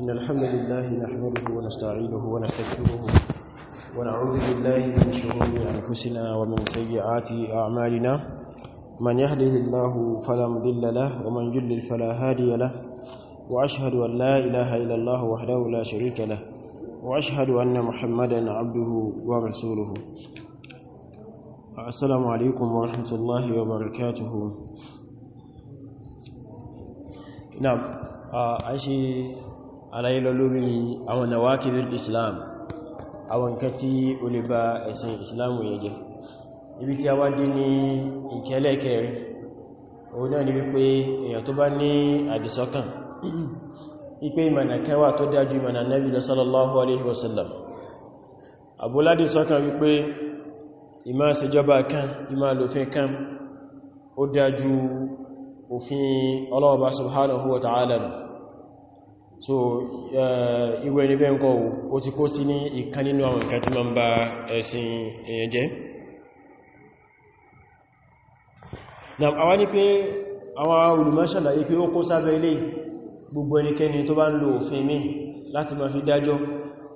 إن الحمد لله نحمده ونستعينه ونستغفره ونعوذ بالله من شرور أنفسنا ومن سيئات أعمالنا من يهده الله فلا مضل له ومن يضلل فلا هادي له وأشهد أن لا إله إلا الله وحده لا شريك له وأشهد أن محمدا عبده ورسوله السلام عليكم ورحمة الله وبركاته نعم أشي آه، a rayu lalominin awon dawa kebir islam awon ka ta oluba islamun yege ibi tawar jini nkele ekeri a wuna ni pipe iya toba ni adisotan pipe imana kewa to daju imana nabi da salallahu alaihi wasu sallallahu alaihi wasu sallallahu alaihi wasu abu ladisotan pipe iman sejaba kan iman lofe kan o daju ofin alawaba subhara so eh, iwe ni bẹ́ ń kọ́ ó ti kó sí ní ìkan nínú àwọn nǹkan tí ma ń ba ẹ̀sìn èyàn jẹ́ na àwọn ní pé àwọn olùmọ́ṣàlá ipé ó kó sábẹ́ ilé gbogbo ẹnikẹ́ni tó bá ń lo òfin mi láti ma fi dájọ́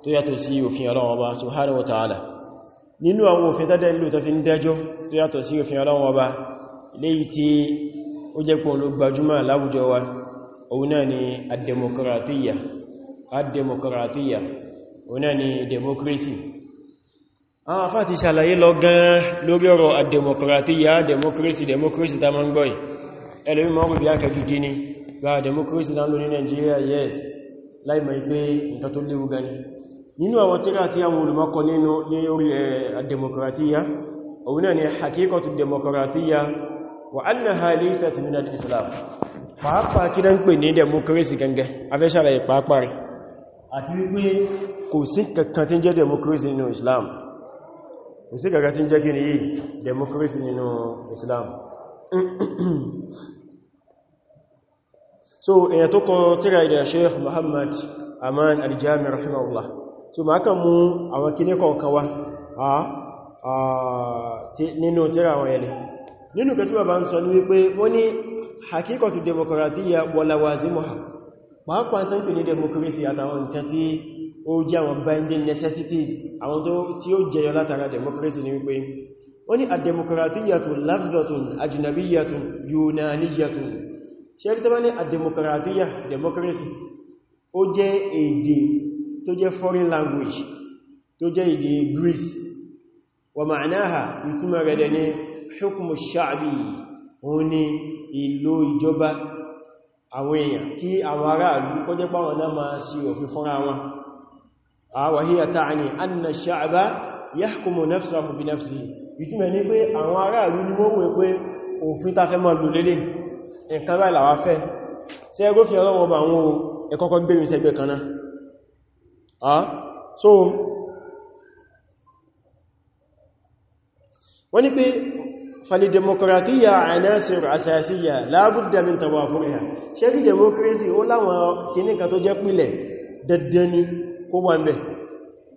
tó yàtọ̀ sí òfin Ọlọ́run Ọba subhanahu wa ta'ala òun náà ni ademokratiya ademokratiya òun náà ni democracy àwọn afá ti ṣàlàyé lọ gan lórí ọ̀rọ̀ ademokratiya democracy democracy ta máa ń gbọ́ì ẹlòmí mọ́rún bí ákẹ́ jíjí ni gba democracy lánlò ní Nigeria yes láìmọ̀ pé nǹkan nínú ní orí eh, ademokratiya òun náà ni hakikatu democratia wa annaha laysat min al-islam pàápàá kí dán pè ní democracy gangan afẹ́ṣàlẹ̀ pàápàá rẹ̀ àti wípé kò sí kankan tí ń jẹ́ democracy nínú islam kò sí kankan tí ń jẹ́ kí ni democracy nínú islam so èyàn tó kọ tíra ìdẹ̀ sheikh muhammad aman al-jami rahimahullah so ma kàn mú àwọn kíní ah, wá ah, nínú tíra àwọn ẹni nínú kẹtí bàbá ń sọ ní wípé wọ́n ní hakikatu demokratiya wọlawazimuha pàápàá tán pè ní democracy àtàwọn nǹkan tí ó jẹ́ àwọn binding necessities àwọn tí ó jẹyọ látara democracy ní wípé wọ́n ní àdemokratiyatù lafzatun ajinabiyatun yunaniyatun ṣe rí tọ́bá ní àdemokratiyà democracy ó jẹ́ èdè tó jẹ́ foreign language tó jẹ́ èdè Greece wa ma'anaha ìtumọ̀ rẹ̀ ní hukmu sha'bi òun ni ìlò ìjọba àwọn èèyàn kí àwọn aráàlú kọjẹ́ pàwọn náà máa sí òfin fúnra wọn àwàhíyà ah, ta'ani anna sha'ba yahkumu nafsahu bi nafsihi ìtumẹ̀ ní pé àwọn aráàlú ni wọ́n wé pé òfin ta fẹ́ máa lò lélẹ̀ nǹkan báyìí làwa fẹ́ ṣe ẹgbófin ah, so wọ́n ní pé فلديمقراطية عناصر أساسية لا بد من توافرها ṣé bí democracy ó láwọn kìíní kan tó jẹ́ pìlẹ̀ dandan ni kó wà ńbẹ̀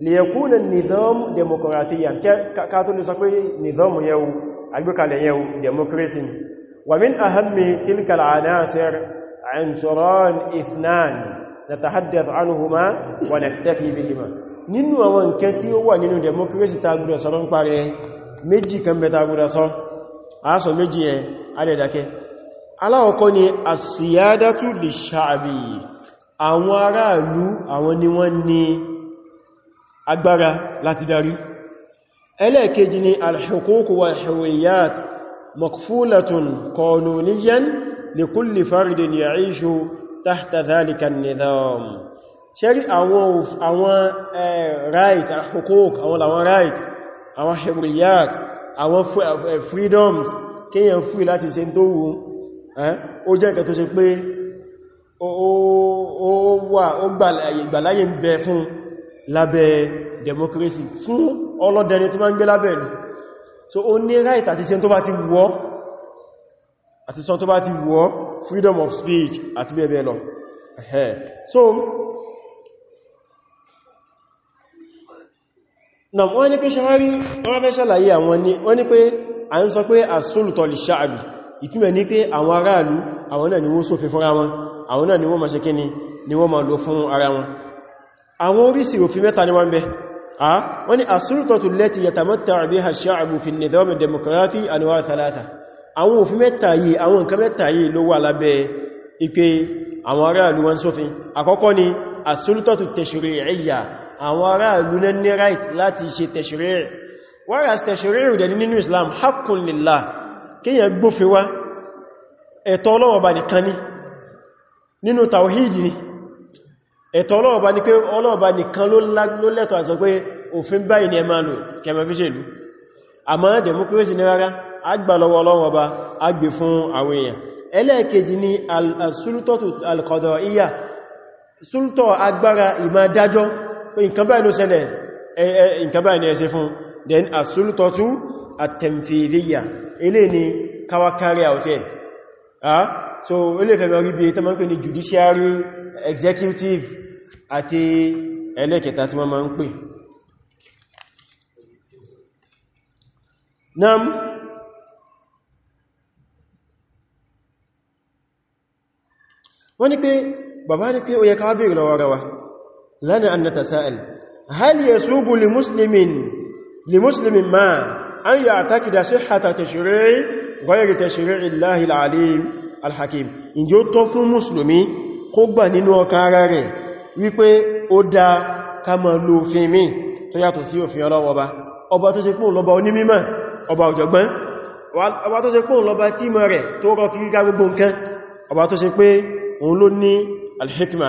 ليكون النظام ديمقراطيا ká tó lè sọ pé nìzọ́mù yẹwu agbékalẹ̀ yẹwu democracy ومن أهم تلك العناصر عنصران اثنان نتحدث عنهما ونكتفي بهما nínú àwọn nǹkan tí ó wà nínú democracy tá gbọ́dọ̀ sọ lọ́n parẹ́ méjì kan bẹ tá gbọ́dọ̀ sọ aṣọ méjì ẹ adẹ́dàkẹ́ aláwọ̀kọ́ ni asiyadatu lè ṣàbí àwọn aráàlú àwọn ni wọ́n ní agbára láti darí ẹlẹ́ẹ̀kejì ni alhukuku wa huriyat makfulatun qanuniyan li kulli fardin ya'ishu tahta dhalika an-nizam ṣẹ́rí àwọn àwọn eh, right alhukuk àwọn àwọn right àwọn huriyat àwọn eh, eh, freedoms kíyàn free láti ṣe tó wù eh, ó jẹ́ ǹkan tó ṣe pé ó wà ó gbàláyé ń bẹ fún lábẹ́ democracy fún ọlọ́dẹni tí ma ń gbé lábẹ́ ìlú so ó ní right àti ṣe tó bá ti wọ́ àti sọ tó bá ti wọ́ freedom of speech àti bẹ́ẹ̀ bẹ́ẹ̀ lọ so náà wọ́n ní pé ṣàhárí wọ́n fẹ́ ṣàlàyé àwọn ní wọ́n ní pé a ń sọ pé àsólùtọ̀lì ṣáàbì ìtumẹ̀ ní pé àwọn aráàlú àwọn náà ni wọ́n sófin fúnra wọn àwọn náà ni wọ́n ma ṣe kíni ni wọ́n ma lò fún ara wọn àwọn orísìí òfin mẹ́ta ni wọ́n bẹ a wọ́n ní àsólùtọ̀tù lẹ́tì biha shabu fi an-nizam ad-demokrati anwa thalatha àwọn òfin mẹ́ta yìí àwọn nǹkan mẹ́ta yìí ni àsólùtọ̀tù àwọn ará ìlú náà ní right láti ṣe tashri' whereas tashri' dẹ̀ nínú Islam haqqun lillah kíyàn gbófin wá ẹ̀tọ́ Ọlọ́run Ọba nìkan ni nínú tawhidi ni ẹ̀tọ́ Ọlọ́run Ọba ni pé Ọlọ́run Ọba nìkan ló lẹ́tọ̀ ni ẹ máa lò kẹmẹ́fíṣèlú àmọ́ democracy ní rárá agbàlọ́wọ́ Ọlọ́run Ọba agbè fún àwọn al-sultatu al-qada'iyya sultọ̀ agbára ìmá dájọ́ nǹkan báyìí ló ni ẹ ṣe fún then as ni káwà carry out so ilé fẹ̀mẹ̀ orí bí i ń pè judiciary executive àti ẹlẹ́kẹta tí wọ́n máa nam wọ́n ní pé bàbá ní pé ó yẹ ká bèèrè lọ́wọ́ لنا أن نتساءل هل يسوب لمسلم لمسلم ما أن يعتقد صحة تشريع غير تشريع الله العليم الحكيم إن جو تفن مسلمي قبا ننو كاراري wípé ó dá ká ma lo òfin mi tó yàtọ̀ sí òfin ọlọ́wọ́ ọba ọba tó ṣe pún lọ́ba onímímọ̀ ọba ọ̀jọ̀gbọ́n ọba tó ṣe pún lọ́ba tí mọ̀ rẹ̀ tó rọ kiri ká gbogbo nǹkan ọba tó ṣe pé òun ló ní alhikma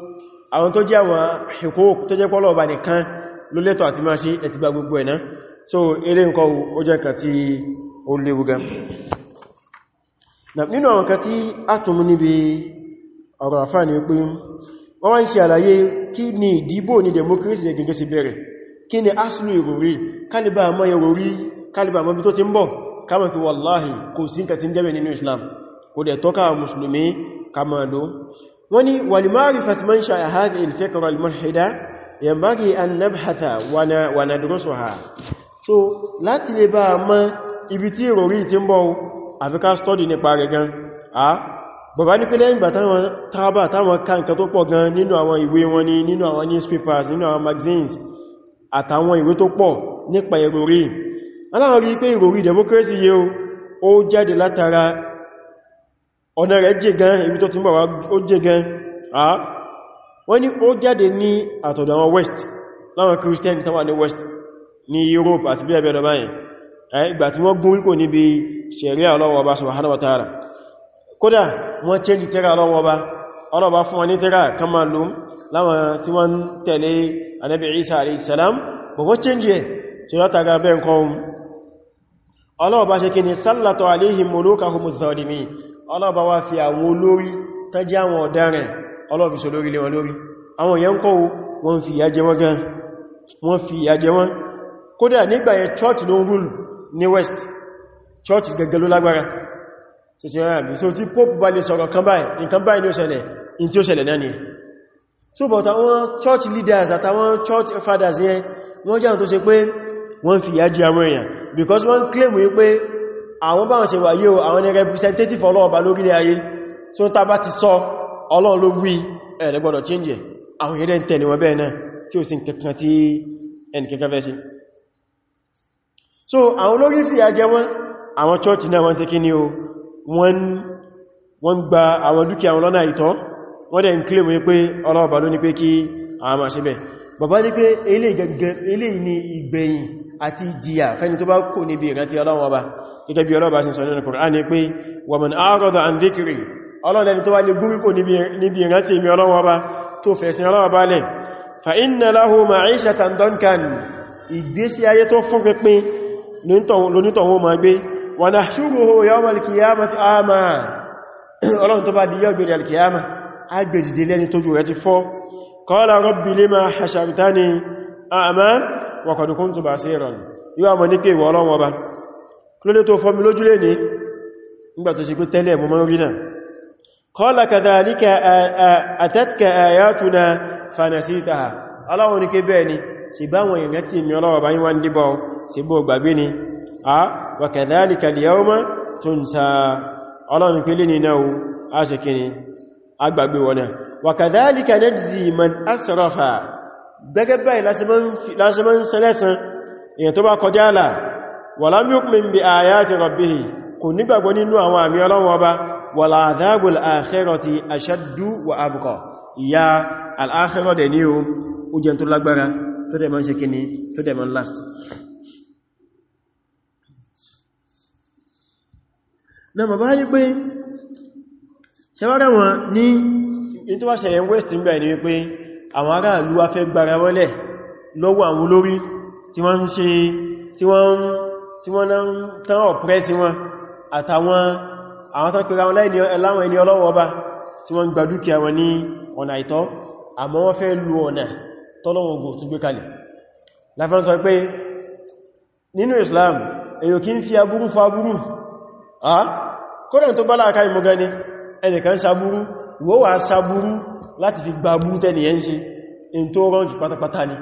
àwọn tó jẹ́ àwọn hukuk tó jẹ́ pọ́lọ̀ ọba nìkan ló lẹ́tọ̀ àti máa ṣe ẹ̀tì gbogbo ẹ̀nà so ele nǹkan ó jẹ́ kan tí ó léwu gan nínú àwọn kan tí a tún mú níbi ọ̀rọ̀ àfáà ni pé wọ́n wá ń ṣe àlàyé kí ni ìdìbò ní democracy gẹ́gẹ́ sí ni aslu ti Islam وني ولمعرفة منشأ هذه الفكرة الملحدة ينبغي أن نبحث وندرسها so láti lè bá mọ̀ ibi tí ìròrí tí ń bọ̀ àfi ká stọ́dì nípa rẹ̀ gan a bàbá ní pé lẹ́yìn ìgbà táwọn tábà táwọn ká nǹkan tó pọ̀ gan nínú àwọn ìwé wọn ni nínú àwọn newspapers nínú àwọn magazines àtàwọn ìwé tó pọ̀ nípa ìròrí aláwọn rí pé democracy yìí ó jáde látara ọ̀nà rẹ̀ jẹ́ gan ibi tó ti wá ó jẹ́ gan àá wọ́n ní ó jáde ní àtọ̀dọ̀ àwọn west láwọn christian tó wà ní west ní europe àti bí ẹbẹ̀rẹ̀ báyìí ìgbà tí wọ́n gún kò níbi sharia Ọlọ́hun Ọba subhanahu wa ta'ala kódà change tẹ́ra Ọlọ́hun Ọba Ọlọ́hun Ọba fún wọn ọlọ́wọ́ bá ṣe kí ni sálàtọ̀ aléhìn mọ̀lókà homo zọlimi ọlọ́bá wá fi àwọn olórí tẹ́jẹ́ àwọn ọ̀daràn ọlọ́bìsọ lórí lé wọn lórí àwọn yẹn kọ́ wọ́n fi ìyà jẹ wọ́n gan wọ́n fi ìyà jẹ wọ́n kódà nígbà yẹn church ló ń rúlù ní west church gẹ́gẹ́ ló lágbára so tí pope bá lè sọ̀rọ̀ kan báyìí nǹkan báyìí ni ó ṣẹlẹ̀ church leaders àtàwọn church fathers yẹn wọ́n jẹ́ àwọn tó fi ìyà jẹ àwọn èèyàn because wọ́n claim wípé àwọn báwọn ṣe wà yíò àwọn ni representative ọlọ́ọ̀bá lórílẹ̀ ayé tó ta bá ti sọ ọlọ́run ló wí ẹ̀rẹ́gbọ́dọ̀ change àwọn èdè ń tẹ̀lé wọn bẹ́ẹ̀ náà tí ó sì kankan tí ẹni kankan fẹ́ sí so àwọn olórí fìyà jẹ wọ́n àwọn church náà wọ́n ṣe kí ni o wọ́n gba àwọn dúkìá wọn lọ́nà ìtọ́ wọ́n dẹ̀ ń claim wípé ọlọ́ọ̀bá ló ní pé kí àwọn máa ṣe bẹ́ẹ̀ bàbá ní pé eléyìí ni ìgbẹ̀yìn àti ìjìyà fẹ́ni tó bá kò níbi ìrántí ọlọ́wọ́ ọba gẹ́gẹ́ bí ọlọ́ba sí sọ nínú Kùránì pé wa man a'rada 'an dhikri ọlọ́lẹ́ni tó wá lè gúrí kò níbi ìrántí mi ọlọ́wọ́ ọba tó fẹ̀sìn ọlọ́wọ́ bá lẹ̀ fa inna lahu ma'ishatan dankan ìgbésí ayé tó fún pínpín lónítọ̀wọ́ ma gbé wa nahshuruhu yawmal qiyamati a'ma ọlọ́run tó bá waqad kuntu basiran ìwà mọ̀ ní pé ìwọ̀ ọlọ́wọ́ bá kílódé tó fọmi lójú lè ní ìgbà tó ṣe pé tẹ́lẹ̀ mọ́ mọ́rí náà qala kadhalika atatka ayatuna fanasitaha aláwọ̀ ní pé bẹ́ẹ̀ ni sì báwọn ìrẹ́tì mi ọlọ́wọ́ bá yíwá ń díbọ̀ lè ní náà a gẹ́gẹ́ bẹ́ẹ̀ lásìmọ́ ń sẹlẹ́sàn èyàn tó bá kọjá àlà wàlá mọ́kùnmí bí ayati rabbihi kò nígbàgbọ́ nínú àwọn àmì Ọlọ́run Ọba wàlá adhabul akhirati ashaddu wa abqa ìyà al-akhirah dẹ̀ ní o ó jẹ́ tó lágbára tó dẹ̀ mọ́ ṣe kíní tó dẹ̀ mọ́ last na ma bá ní pé ṣẹwárẹ̀ wọn ní ìtọ́wàṣẹ̀ yẹn west ń bẹ̀ ní àwọn ará ìlú wa fẹ́ gbára wọ́lẹ̀ lọ́wọ́ àwọn olórí tí wọ́n ń ṣe tí wọ́n ń tán ọ̀pẹ́sí wọn àtàwọn àwọn tán pẹ̀lú àwọn ẹni ọlọ́wọ́ ọba tí wọ́n gba dúkìá wọn ní ọ̀nà àìtọ́ àmọ́ wọ́n fẹ́ lu ọ̀nà tọ́lọ́wọ́ ogun tún gbé kalẹ̀ láfẹ́ sọ pé nínú Islam èyò kí ń fi aburú fa aburú ah, kódà tó bá láàká ìmọ̀gá ni ẹnìkan ṣaburú ìwọ wa sáburú láti fi gba burú tẹ́ni yẹn ṣe in tó rọ́njì pátápátá ni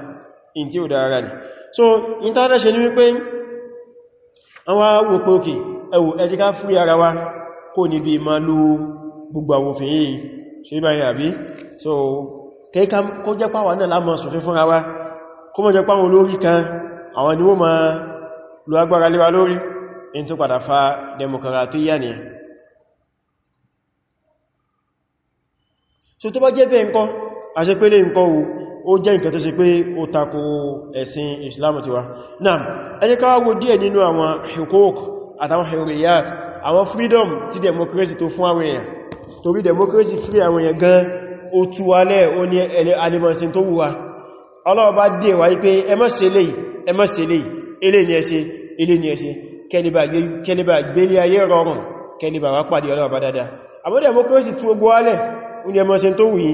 in tí ó dára ni so in tàbí ṣe ní wípé àwọn òpó òkè ẹwò ẹjí ká fúrí ara wa kò níbi ma ló gbogbo àwọn òfin yìí ṣe báyìí àbí so kẹ́ẹ̀ká kó jẹ́ pàwà náà lámọ̀ sòfin fúnra wa kó mọ́ jẹ́ pàwọn olórí kan àwọn ni wọ́n ma lo agbára lé wa lórí in tó padà fa demokaratiya ni so tó bá jẹ́ bẹ́ẹ̀ nǹkan a ṣe pé lè nǹkan o ó jẹ́ nǹkan tó ṣe pé ó tako ẹ̀sìn Islam tiwa náà ẹ jẹ́ ká díẹ̀ nínú àwọn hukuk àtàwọn hurriyat àwọn freedom ti democracy tó fún àwọn èèyàn torí democracy free àwọn èèyàn gan ó tú wa lẹ́ ó ní ẹlẹ́ alimọ̀sìn tó wùwa ọlọ́wọ́ bá dé wáyé pé ẹ má ṣe lè ẹ má ṣe lè ilé ni ẹ ó ní ẹmọ́ ṣe tó wùí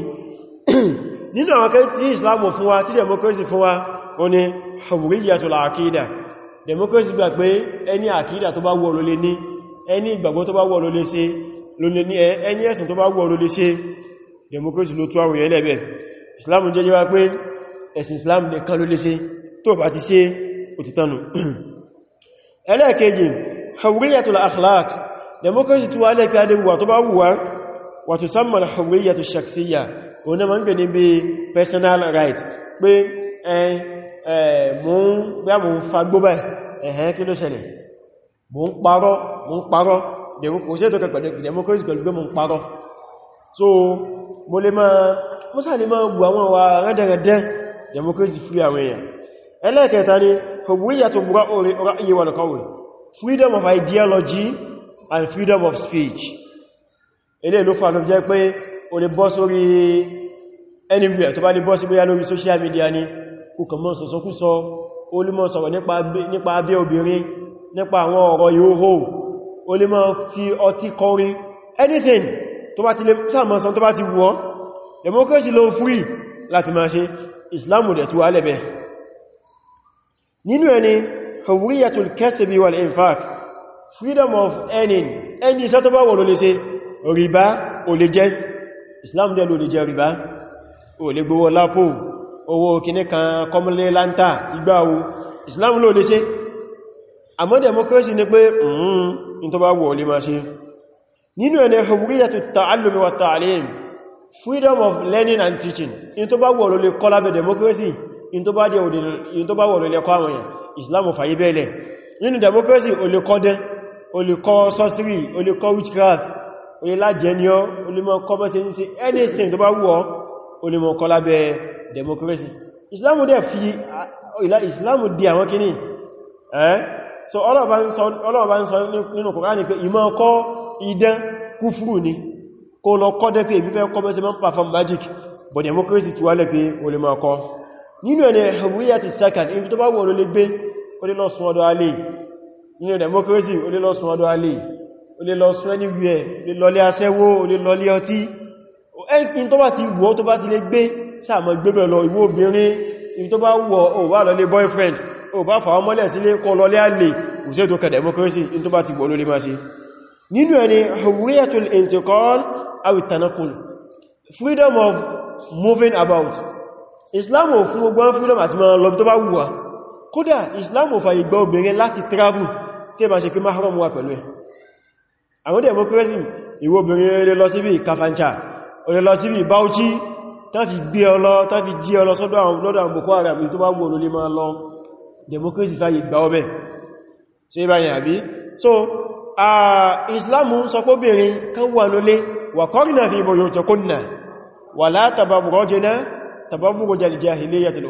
nínú àwọn kẹ́ tí islamu fún wa tí democracy fún wa ó ní hurriyatul àkídà democracy gbà pé ẹni àkídà tó bá wù ló lè ní ẹni ìgbàgbọ́ tó bá wù ló lè ṣe ló lè ní ẹni ẹ̀sìn tó lè ṣe ló islam nìkan ló lè ṣe tó bá ti ṣe òtítànù ẹlẹ́ẹ̀kejì hurriyatul akhlaq democracy tó wà lẹ́kẹ́ adéwà tó bá wù wàtùsánmà al-hurriyya ash-shakhsiyya òun náà ma ń gbé ní bí personal right pé mún gbá mún fagbóbá ẹ̀hẹ́n kí ló ṣẹlẹ̀ mún parọ́ mún parọ́ dẹ̀mọ́kọ́sẹ́tọ̀ kẹ̀kọ́ so mo lè máa mo sáà lè máa gbù àwọn wa rẹ́dẹ̀rẹ̀dẹ́ democracy free àwọn èèyàn ẹlẹ́ẹ̀kẹta ni hubuwiyya freedom of ideology and freedom of speech ilé ló fà tó jẹ́ pé o lè bọ́ sórí anywhere tó bá lè bọ́ sí bóyá lórí social media ni kùkàn mọ́ sọ̀sọ́ kú sọ o lè mọ́ sọ̀rọ̀ nípa abẹ́ obìnrin nípa àwọn ọ̀rọ̀ yóò o lè mọ́ fi ọtí kọrin anything tó bá ti lè sàmọ́sán tó bá ti wọ́ democracy ló free láti máa ṣe Islam dẹ̀ tó wà lẹ́bẹ̀ nínú ẹni hurriyatul kasbi wal infaq freedom of earning ẹni iṣẹ́ tó bá wọ́n ló lè ṣe rìbá o lè jẹ́ islam dẹ̀ ló lè jẹ́ rìbá o lè gbówó lápò owó kìní kan kọmọlé láńtà igbáwo islam ló lè ṣe àmọ́ democracy ni pé in mm-hmm, tó bá wù ọ lè máa ṣe nínú ẹni hurriyatu ta'allumi wa freedom of learning and teaching in tó bá wù ọ lè kọ́ lábẹ́ democracy in tó bá wù ọ lè kọ́ islam o lè kọ́ dẹ́ o lè kọ́ sorcery o lè kọ́ witchcraft oye lájẹ́ ní ọ́ olímọ̀ kọ́bọ́ sí ní sí anything tó bá wù ọ́ olímọ̀ kọ́ lábẹ́ democracy islamu dẹ̀ fi islamu di àwọn kìíní ẹ́ so ọlọ́ọ̀bá ń sọ nínú Kùránì pé ìmọ̀ kọ́ idán kúfúrù ni kó lọ kọ́ dẹ́ pé ìbífẹ́ kọ́bọ́ sí mọ́n perform magic but democracy ti wálẹ̀ pé olímọ̀ kọ́ nínú ẹni hurriyat second ibi tó bá wù ọ́ ló lè gbé olílọ́sùn ọdọ̀ alẹ́ nínú democracy olílọ́sùn ọdọ̀ alẹ́ o lè lọ sún ẹni wíẹ̀ lè lọlé aṣẹ́wó o lè lọlé ọtí ẹ̀kìn tó bá ti wọ́ tó bá ti lè gbé sàmọ̀ gbébẹ̀ lọ ìwọ obìnrin ibi tó bá wọ́ o bá boyfriend o bá fà ọmọlẹ̀ sílé kọ lọlé alè òṣèlú tó kẹ bá ti wọ́ ló lè máa ṣe nínú ẹni hurriyatul intiqal aw freedom of moving about islam ò fún gbogbo freedom àti máa lọ tó bá wùwà islam ò fàyè gba obìnrin travel tí ẹ bá ṣe pẹ̀lú ẹ̀ àwọn democracy ìwọ obìnrin rẹ̀ lọ síbi Kafancha olè lọ síbi Bauchi tán fi gbé ọlọ tán fi jí ọlọ sọ́dọ̀ àwọn lọ́dọ̀ àwọn Boko Haram tó bá wù olólé máa lọ democracy fàyè gbà ọbẹ̀ so ibáyìn àbí so Islam sọ pé obìnrin kan wà lólé wa qarna fi buyutikunna wa la tabarrajna tabarruja al-jahiliyyatil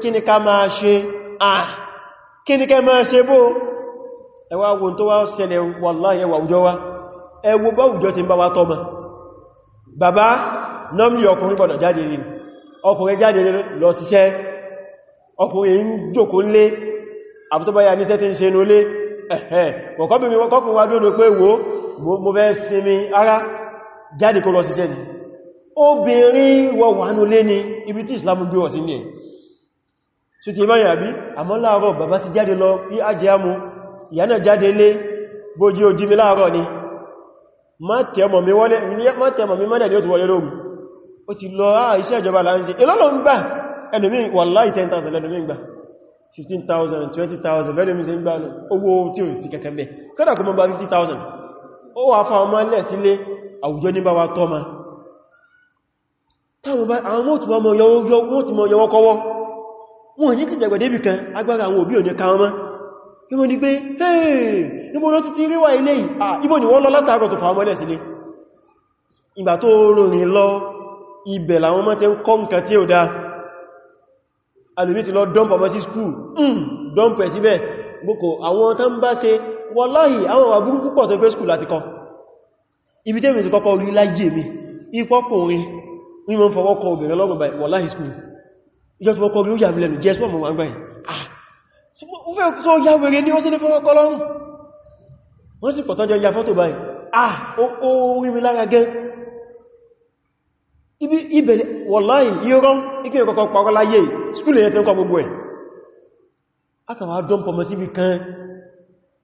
kí ni ká máa ṣe ah kí ni ká máa ṣe bó ẹwà ogun tó wá ṣẹlẹ̀ wàláhì wà òjò wá ẹwọ bá òjò ti ń bá wá tọ́mà bàbá nọ́mí ọkùnrin gbọ́dọ̀ jáde rí ọkùnrin jáde lọ síṣẹ́ ọkùnrin ń jókòó lé ibi tí Islam gbé wọ̀ sí ní so ti báyìí àbí àmọ́ láàárọ̀ bàbá ti jáde lọ bí a jẹ́ mú ìyá náà jáde lé bójí ojí mi láàárọ̀ ni má tẹ́mọ̀ mi mọ́lẹ̀ ni ó ti wọlé lóòmù ó ti lọ àà ah, iṣẹ́ ìjọba láńṣe ìlọ́lọ́ ń gbà ẹlòmí wàláì 10,000 lẹ́lòmí gbà 15,000 20,000 lẹ́lòmí sí gbà owó tí ò sí kẹ́kẹ́ bẹ́ kọ́dà kó mọ́ bá 50,000 ó wà fà wọn ní ti dẹ̀gbẹ̀ débì kan agbára àwọn òbí òní káwọn mọ́ ibo ni pé hey ibo ló ti ti ríwà ilé yìí ni wọ́n lọ látàárọ̀ tó fàwọn mọ́lẹ̀ sílé ìgbà tó rìnrìn lọ ibẹ̀ làwọn mọ́ ti ń kọ́ nǹkan tí ó lọ dọ́mpù ọmọ sí skúù hmm, dọ́mpù ìjọ tí wọ́n kọ́ lórí àmìlẹ̀mì jẹ́ sọ́mù wọn gbáyìn ah ó fẹ́ sọ ya wèrè ní wọ́n sí ní fọ́nà kọlọ́run wọ́n sì pọ̀tán jẹ ya fọ́tò báyìí ah ó rí mi lára gẹ́ ibẹ̀ wọ̀láì irọ́ ikẹ́ ìkọ̀kọ́ pàrọ láyé skúlẹ̀ yẹn tó ń kọ gbogbo ẹ̀ akàwà dán pọmọ sí ibi kan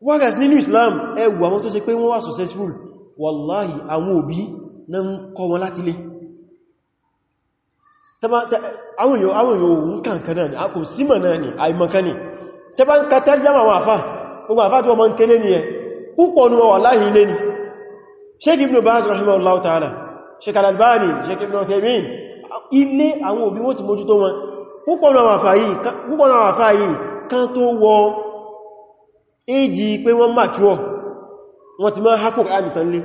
whereas nínú Islam ẹwù àwọn tó ṣe pé wọ́n wà successful wọ̀láì àwọn òbí náà ń kọ́ wọn láti lé àwọn yóò àwọn yóò ń kànkàn náà ni a kò símọ̀ náà ni àìmọ̀kan ni tẹ́ bá ń ka tẹ́rìjámà àwọn àfá gbogbo àfá tí wọ́n mọ́ ń kélé ni ẹ púpọ̀ ní wọ́n láhìí lé ni Sheikh Ibn Baz rahimahullahu ta'ala Sheikh Al-Albani Sheikh Ibn Uthaymeen ilé àwọn òbí wọ́n ti mójútó wọn púpọ̀ ní àwọn àfá yìí kan tó wọ éjì pé wọ́n mature wọ́n ti máa hákùn àdìtàn lé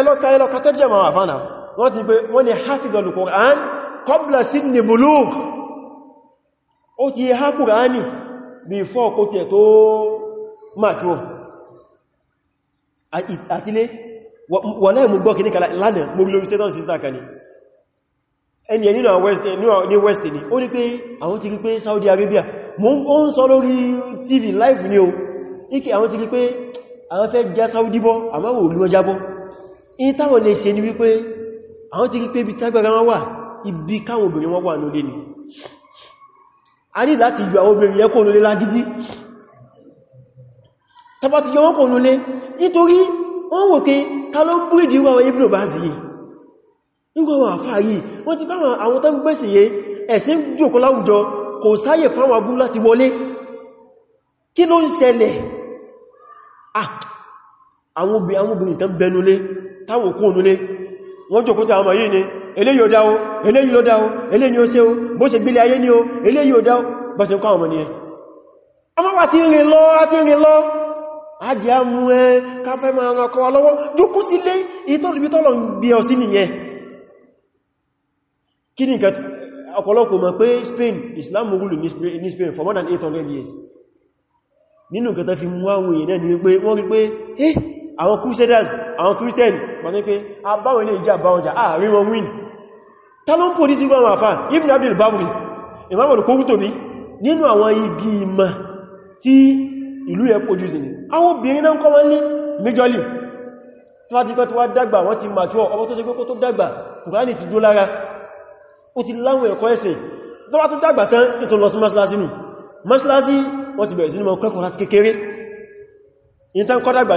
ẹlọ́ka ẹlọ́ka tẹ́rìjámà àwọn àfá náà wọ́n ti pé wọ́n ni hafizul Qur'an qabla sinni bulugh ó ti há Kùránì before kó tiẹ̀ tó màtúrò àtílé wọ́n láì mú gbọ́ kì ní kàlá lánàá mú lórí status sister kan ni ẹni ẹni ní west ni ó ní pé àwọn ti rí pé Saudi Arabia mú ó ń sọ lórí TV live ni o ike àwọn ti rí pé àwọn fẹ́ já Saudi bọ́ àmáwò olúwọ́jábọ́ in táwọn lè ṣe ni wípé àwọn ti rí pé ibi tágbàra wọn wà ibi káwọn obìnrin wọn wà lólé ni a ní láti yọ àwọn obìnrin yẹn kó lólé lágídí tàbá ti yọ wọn kó lólé nítorí wọ́n wò pé ta ló ń bú ìdí wà wọ́n ibùdó bá sí yìí nígbàwọn àfáà yìí wọ́n ti bá wọ́n jò kúta ọmọ yìí ni eléyìí ò dáwó eléyìí ló dáwó eléyìí ó ṣe ó bó ṣe gbílé ayé ní ó eléyìí ò dáwó bá ṣe ń kọ́ ọmọ ni ẹ ọmọ wà tí rìn lọ àti rìn lọ ajé mú ẹ káfẹ́ ma ràn kọ́ ni nǹkan ọ̀pọ̀lọpọ̀ mọ̀ pé Spain Islam rúlù ní Spain for more than 800 years nínú nǹkan tó fi mú àwọn èèyàn ní wípé àwọn crusaders àwọn christian wọ́n ní pé àbáwọn ilé ìjà bá ọjà ààrí wọn win talon pò ní sí gbọ́nà àfá ibn abdul babri ìmọ̀wọ̀n kó wútò nínú àwọn igi ìmọ̀ tí ìlú yẹ pójú sí ni àwọn obìnrin náà kọ́ wọ́n ti pẹ́ tó wá dàgbà wọ́n ti màtúọ̀ ọmọ tó ṣe pé kó tó dàgbà kùránì ti dó lára ó ti láwọn ẹ̀kọ́ ẹ̀sẹ̀ tó wá tó dàgbà tán ètò lọ sí mọ́sílásí nù mọ́sílásí wọ́n ti bẹ̀rẹ̀ sí ní mọ́ kẹ́kọ̀ọ́ láti kékeré ìyẹn tán kọ́ dàgbà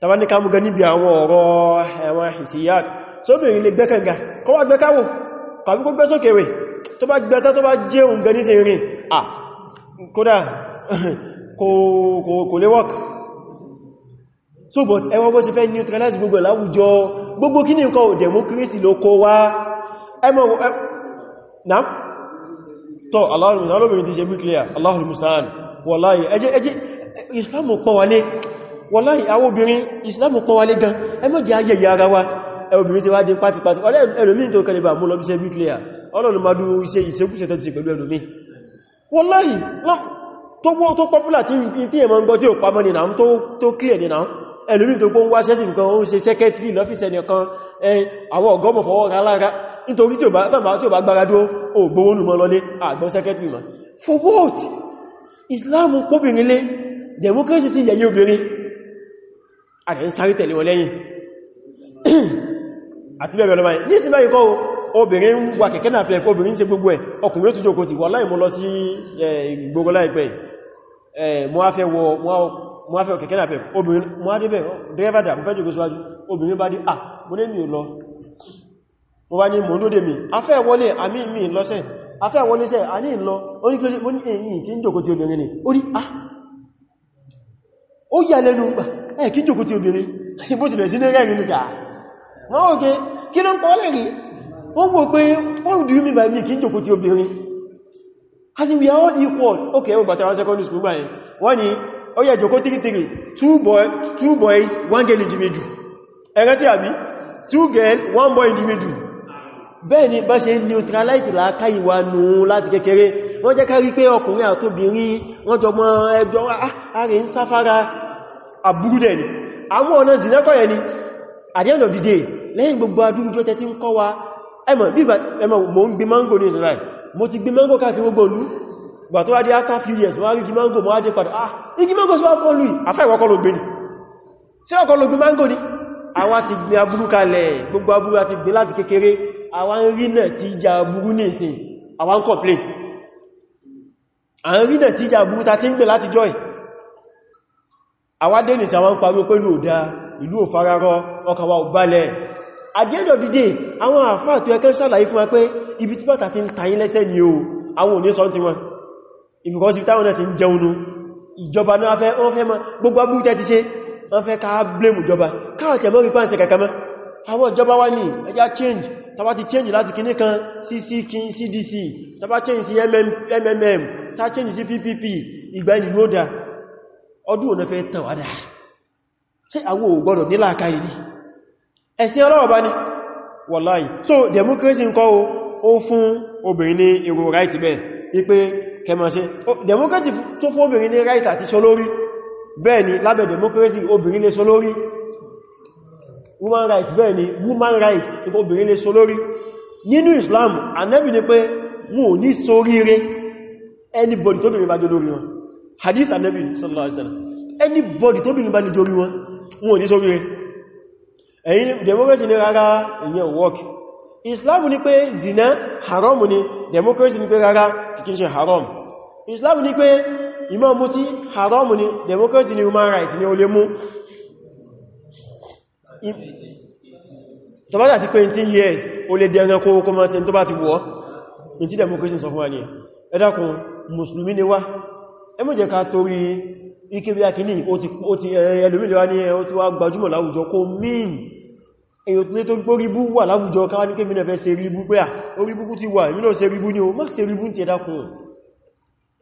tàbá ní ká mú gan níbi àwọn ọ̀rọ̀ ẹ̀wọ̀n ìsìyàt tó bèèrè lè gbẹ́kànga kọ́ wá gbẹ́káwò kàbí kó gbẹ́sókèwè tó bá gbẹ́ta tó bá jẹun gan ní sí rìn à kódà kò lè wọ́k so but ẹwọ́n bó sì fẹ́ neutralize gbogbo láwùjọ gbogbo kí ní nǹkan ò democracy ló kó wá ẹmọ náà tọ́ Allahul musta'an Allahul musta'an wọláhì àwọn obìnrin islamu pọ̀ wálé gan ẹmọ́jì ayé yára wá ẹobìnrin ti wá jẹ pátipáti ẹlòmín tó kẹlẹ̀bà mú lọ́bíṣẹ́ nuclear ọlọ́lùmọ́dú iṣẹ́ ìṣẹ́kúṣẹ́ tó ti pẹ̀lú ẹlòmín wọláhì tó pọ́pùlà tí ẹmọ́ ń gọ́ tí ó pamọ́ ni náà tó clear ni náà ẹlòmín tó pọ́ ń wá ṣẹ́sì nǹkan ó ń ṣe secretary lọ́fíṣẹ́ nìkan àwọn ọgọ́mọ̀ fọwọ́ ra lára nítorí tí ó bá gbára dúró ó gbówó nù mọ́ lọlé àgbọ́n secretary ma for what Islam kóbìnrin lé democracy ti yẹ̀yẹ́ obìnrin àti ń sáré tẹ̀lé wọn lẹ́yìn àti bẹ̀rẹ̀ ọlọ́mà ní ìsinmi ayíkọ́ obìnrin ń wà kẹ̀kẹ́ náà pẹ̀lẹ̀ obìnrin ṣe gbogbo ẹ̀ ọkùnrin tó jókòó ti wà láì mọ́ lọ sí gbogbo láìpẹ́ mo á fẹ́ wọ kẹ̀kẹ́ náà pẹ̀lẹ̀ obìnrin mo ah mo ní mi ò lọ mo bá ní mo ń dóde mi a fẹ́ wọlé àmì mi lọ́sẹ̀ a fẹ́ wọlé sẹ́ a ní ìlọ ah ó yà lẹ́nu gbà ẹ̀ eh, kí jùkú tí obìnrin bó ti bẹ̀rẹ̀ sí ní rẹ̀rin nìkà wọ́n ó gẹ́ kí ló ń pọ̀ lẹ́rin ó wò pé what do you mean by me kí jùkú tí obìnrin as in we are all equal okay ẹwọ bàtàrà secondary school báyìí wọ́n ni ó yẹ jùkú tíkítírì two boys one girl individual ẹ̀rẹ́ tí àbí two girl one boy individual bẹ́ẹ̀ ni bá neutralize làákàyè wa nù láti kékeré wọ́n jẹ́ ká rí pé ọkùnrin àtòbìnrin wọ́n jọmọ́ ẹjọ́ ààrẹ ah, ń sáfárá àbúrúdẹ̀ ni àwọn ọ̀nà ìdínákọ̀ yẹn ni at the end of the day lẹ́yìn gbogbo adúrújọ́ tẹ́ ti ń kọ́ wa ẹmọ̀ mo ń gbé mango ní Israel mo ti gbé mango káàkiri gbogbo olú gbà tó wájé after few years wọ́n rí mango mọ́ wájé padà ah igi mango sí wọ́n kọ́ lù àfẹ́ ìwọ́kọ́ ló gbé ni sí ọkọ̀ ló gbé mango ni àwọn ti gbé aburú kalẹ̀ gbogbo aburú àti gbé láti kékeré àwọn rí náà ti jà aburú ní ìsìn àwọn complain àwọn rí náà ti jà aburú ta ti ń gbé láti joy àwádé nìsí àwọn ń parí pẹ̀lú òdá ìlú òfararọ ọkàwà òbálẹ̀ àjẹ́dọ̀ dìde àwọn àfáà tó ẹkẹ́ sàlàyé fún wa pé ibi tí bàtà ti ń tayí lẹ́sẹ̀ ni o àwọn òní sọ ti wọn ìmìkọ́sí táwọn náà ti ń jẹunú ìjọba náà fẹ́ wọ́n blame ìjọba káàkì ẹ̀mọ́ rí pàǹsẹ̀ kẹkẹ mọ́ àwọn ìjọba wá ní ẹjá change tàbá ti change láti kìní kan CC kin CDC tàbá change sí MMM tàbá change sí PPP ìgbà ìlú ọdún òun fẹ́ tàn wádà ṣe àwọn ògbọ́dọ̀ níláàká ìní ẹ̀sìn ọlọ́wọ̀ bá ní wàláì so democracy ń kọ́ o fún obìnrin ní irun right bẹ́ẹ̀ ipé kẹmọ̀ṣe democracy tó fún obìnrin ní right àti ṣolórí bẹ́ẹ̀ ni lábẹ́ democracy obìnrin lè ṣolórí woman right bẹ́ẹ̀ ni woman right obìnrin lè ṣolórí nínú Islam anẹ́bì ni pé wọn ò ní soríire anybody tó bìnrin bá jọ lórí wọn hadith anabi sallallahu alaihi wasallam anybody tó bí ní bá ní dorí wọn wọn ní sórí rẹ̀ ẹ̀yìn democracy ní rárá ìyẹn work islam ní pé zina haram ni democracy ní pé rárá kìkí ṣe haram islam ní pé ìmọ̀ mutí haram ni democracy ní human right. rights ní olè mú tọ́bátà ti pé 18 years o lè dẹ̀rẹ̀ kó kó máa ṣe tó bá ti wọ́ ní tí democracy sọ fún wa ní ẹ̀dàkùn musulmi ni wá ẹmọ́jẹ́ ká torí ike bí akìní ó ti ní ti wá gbajúmọ̀ láwùjọ kó mín èyò tí tó gbó ríbú wà láwùjọ káwà ní kémìnà fẹ́ ṣe ríbú pé à oríbúkú ríbú ní o ti ẹ̀dàkùn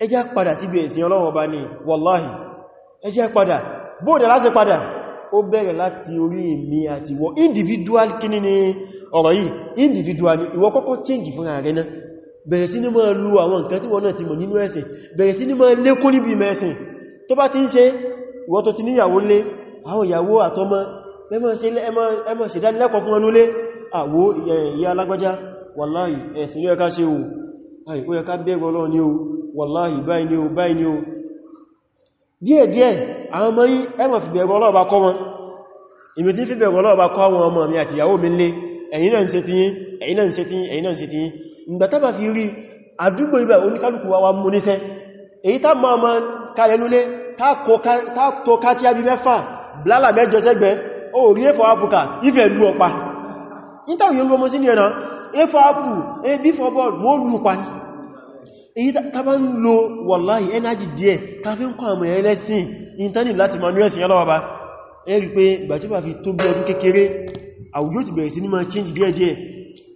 ẹjá padà síbi ẹ̀sìn Ọlọ́run Ọba ni wàláhì ẹjá padà bóòdà láti wọ individual kí ní bẹ̀rẹ̀ sí ní máa lu àwọn nǹkan tí wọ́n náà ti mọ̀ nínú ẹ̀sìn bẹ̀rẹ̀ sí ní máa lékún níbi mẹ́sìn tó bá ti ń ṣe ìwọ tó ti níyàwó lé àwọn ìyàwó àtọmọ ẹmọ́ ṣèdánilẹ́kọ̀ọ́ fún ọnúlé ṣe o ó ni o wàláhì báyìí ni o báyìí ni o díẹ̀ díẹ̀ àwọn ọmọ yìí ẹ máa fi bẹ̀rù Ọlọ́run bá kọ́ wọn èmi tí fi bẹ̀rù Ọlọ́run náà ń ṣe tiyín ẹ̀yin náà ń ṣe tiyín ẹ̀yin ìgbàtàbà fi rí àdúgbò ibẹ̀ oníkálùkù wa wa mú níṣẹ́ èyí tá ma ma kalẹ̀lúlé tó ká tí a bí mẹ́fà blálà mẹ́jọ sẹ́gbẹ́ ó rí ẹfọ́ ápùkà ìfẹ́ lú ọpa nítàwí olú ọmọ sí ní ẹ̀nà ẹfọ́ ápù ẹbí fọ́bọ̀ ló lù pa ní èyí tá bá ń lo wàláhì ẹnájì díẹ̀ ká fi ń kọ́ àmọ̀ ẹlẹ́sìn change díẹ̀ díẹ̀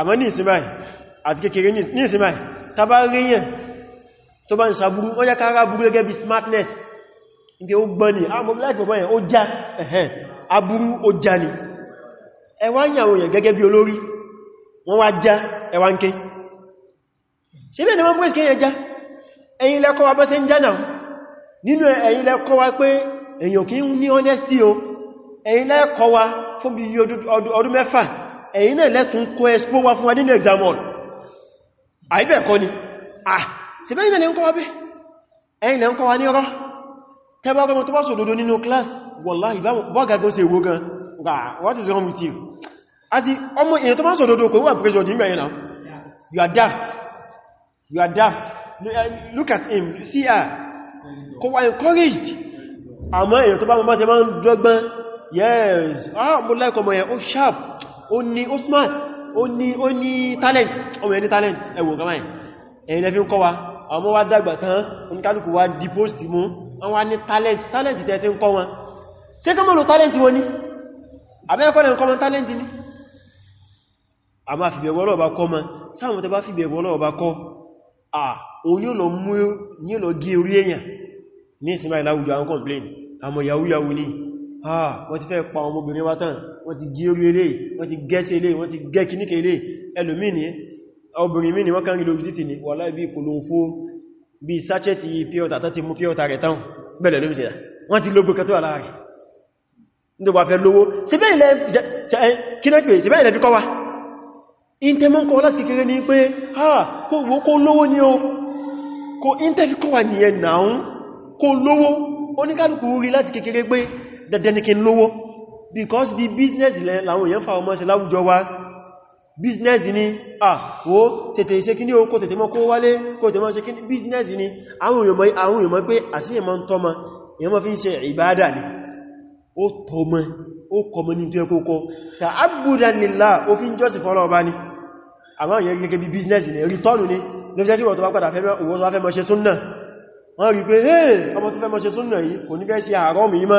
àmọ́ ní ìsinmáì àti kékeré ní ìsinmáì ta bá ríyàn tó bá ń sàbúrú ó yá kára burú gẹ́gẹ́ bí smartness ibi ni a mọ̀ láti pọ̀pọ̀ yẹn ó já ẹ̀hẹ́n aburú ó já ni ẹwà ń yàwó yẹn gẹ́gẹ́ bí olórí wọ́n ni wọ́n pẹ́ kéyàn já ẹ̀yin lẹ́kọ́ wa ní o ẹ̀yin lẹ́kọ́ wa ẹ̀yin náà lẹ́tún kó ẹspó wá fún adínlẹ̀ examon àìbẹ̀ kọ́ ni ah sí bẹ́ ìnà ní ń kọ́ wábẹ́ ẹ̀yin lẹ́ ń kọ́ wá ní ọ̀rọ̀ tẹ́bà ọgbọ́n tó bá sòdodo nínú class wallahi bọ́gagọ́ sí ewó gan what is wrong with you àti ọmọ èyàn tó bá sòdodo kò wà pressure jù mẹ́rin náà you are daft you are daft look eh, at him see her kò wà encouraged àmọ́ èyàn tó bá mọ́ bá ṣe máa ń dọ́gbọ́n yes ah mo like ọmọ yẹn ó oh, sharp ó ní ó smart ó ní ó ní talent ọmọ ẹni talent ẹwọ kama ẹ̀ ẹ̀yìn lẹ́fí ń kọ́ wa àwọn ọmọ wa dàgbà tán oníkálùkù wa di post mú wọ́n wá ní talent talent tẹ́ ti ń kọ́ wọn ṣe kọ́ mọ́lù talent wọ́n ní abẹ́ẹ̀kọ́ lẹ́ kọ́mọ talent ní a máa fi bẹ̀wọ́ lọ́ọ̀bá kọ́ ma sáwọn tẹ́ bá fi bẹ̀wọ́ lọ́ọ̀bá kọ́ à òun yóò lọ mú ní lọ gé orí èèyàn ní ìsinmi àìláwùjọ àwọn complain àmọ̀ yahoo yahoo ní ah wọ́n ti fẹ́ pa ọmọbìnrin wá tán wọ́n ti gé orí ilé wọ́n ti gẹ́ sí ilé wọ́n ti gẹ́ kìníkẹ̀ ilé ẹlòmí ni obìnrin mí ni wọ́n kàn rí lórí títì ni wà láì bí kòlòfó bí sáchẹ́tì píọ̀tà tó ti mú píọ̀tà rẹ̀ tán bẹ̀rẹ̀ lórí sẹ́yà wọ́n ti lógbó kẹtọ́ aláàrẹ̀ ní wà fẹ́ lówó síbẹ̀ ilẹ̀ kí oníkàlùkù rí láti kékeré pé because bí business lẹ làwọn èèyàn fa ọmọ ṣe láwùjọ wa business ni ah wo tètè ṣe kíní o kó tètè mọ́ kó wálé kó tètè mọ́ ṣe kíní business ni àwọn èèyàn mọ̀ pé àṣíyàn mọ́ ń tọ́mọ èèyàn mọ́ fi ń ṣe ìbádà ni ó tọ́mọ ó kọmọ ní tó ẹkọ́ kọ́ ta abúdá nílá ó fi ń jọ́sìn fọ́lọ́ ọba ni àwọn èèyàn gẹ́gẹ́ bí business ni return ni ló fi jẹ́ kí wọ́n tó bá padà fẹ́ mọ́ ṣe súnnà wọ́n rí pé